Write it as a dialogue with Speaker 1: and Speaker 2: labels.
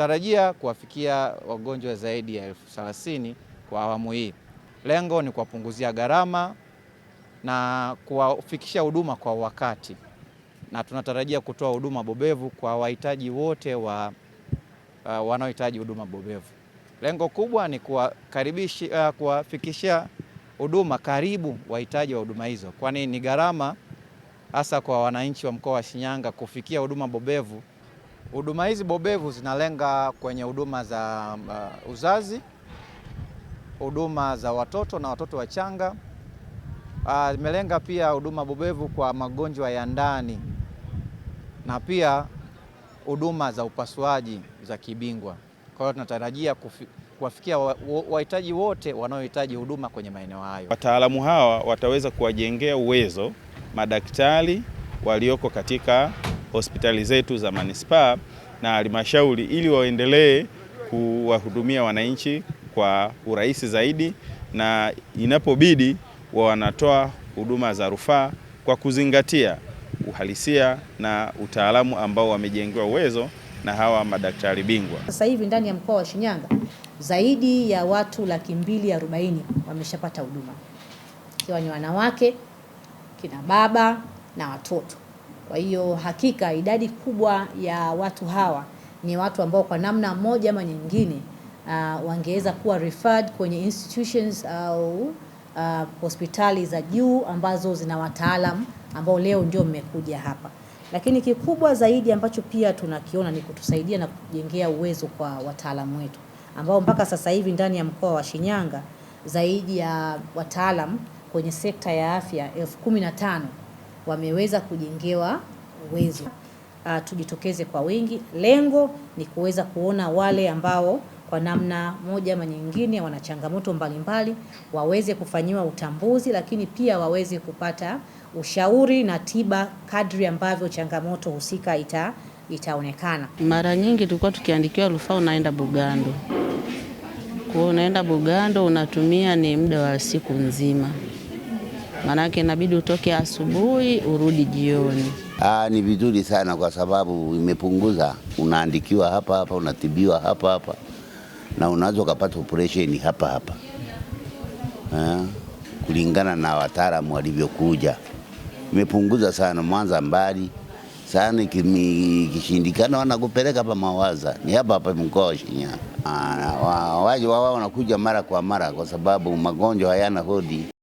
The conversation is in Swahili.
Speaker 1: Tunatarajia kuwafikia wagonjwa zaidi ya elfu thelathini kwa awamu hii. Lengo ni kuwapunguzia gharama na kuwafikisha huduma kwa wakati, na tunatarajia kutoa huduma bobevu kwa wahitaji wote wa uh, wanaohitaji huduma bobevu. Lengo kubwa ni kuwakaribisha uh, kuwafikishia huduma karibu wahitaji wa huduma hizo, kwani ni gharama hasa kwa wananchi wa mkoa wa Shinyanga kufikia huduma bobevu. Huduma hizi bobevu zinalenga kwenye huduma za uh, uzazi, huduma za watoto na watoto wachanga. Uh, zimelenga uh, pia huduma bobevu kwa magonjwa ya ndani na pia huduma za upasuaji za kibingwa. Kwa hiyo tunatarajia kuwafikia wahitaji wote wanaohitaji huduma kwenye maeneo hayo.
Speaker 2: Wataalamu hawa wataweza kuwajengea uwezo madaktari walioko katika hospitali zetu za manispaa na halmashauri ili waendelee kuwahudumia wananchi kwa urahisi zaidi, na inapobidi wa wanatoa huduma za rufaa kwa kuzingatia uhalisia na utaalamu ambao wamejengewa uwezo na hawa madaktari bingwa.
Speaker 3: Sasa hivi ndani ya mkoa wa Shinyanga zaidi ya watu laki mbili arobaini wameshapata huduma, ikiwa ni wanawake, kina baba na watoto. Kwa hiyo hakika idadi kubwa ya watu hawa ni watu ambao kwa namna moja ama nyingine uh, wangeweza kuwa referred kwenye institutions au uh, hospitali za juu ambazo zina wataalam ambao leo ndio mmekuja hapa. Lakini kikubwa zaidi ambacho pia tunakiona ni kutusaidia na kujengea uwezo kwa wataalamu wetu ambao mpaka sasa hivi ndani ya mkoa wa Shinyanga zaidi ya wataalam kwenye sekta ya afya elfu kumi na tano wameweza kujengewa uwezo. Uh, tujitokeze kwa wingi. Lengo ni kuweza kuona wale ambao kwa namna moja ama nyingine wana changamoto mbalimbali waweze kufanyiwa utambuzi, lakini pia waweze kupata ushauri na tiba kadri ambavyo changamoto husika ita, itaonekana.
Speaker 4: Mara nyingi tulikuwa tukiandikiwa rufaa, unaenda Bugando. Kwa unaenda Bugando unatumia ni muda wa siku nzima maanake inabidi utoke asubuhi urudi jioni.
Speaker 5: Aa, ah, ni vizuri sana kwa sababu imepunguza, unaandikiwa hapa hapa, unatibiwa hapa hapa na unaweza ukapata operesheni hapa hapa ha? Ah, kulingana na wataalamu walivyokuja, imepunguza sana Mwanza mbali sana, ikishindikana wanakupeleka hapa Mawaza, ni hapa hapa mkoa wa Shinyanga. Ah, waje wao wanakuja mara kwa mara kwa sababu magonjwa hayana hodi.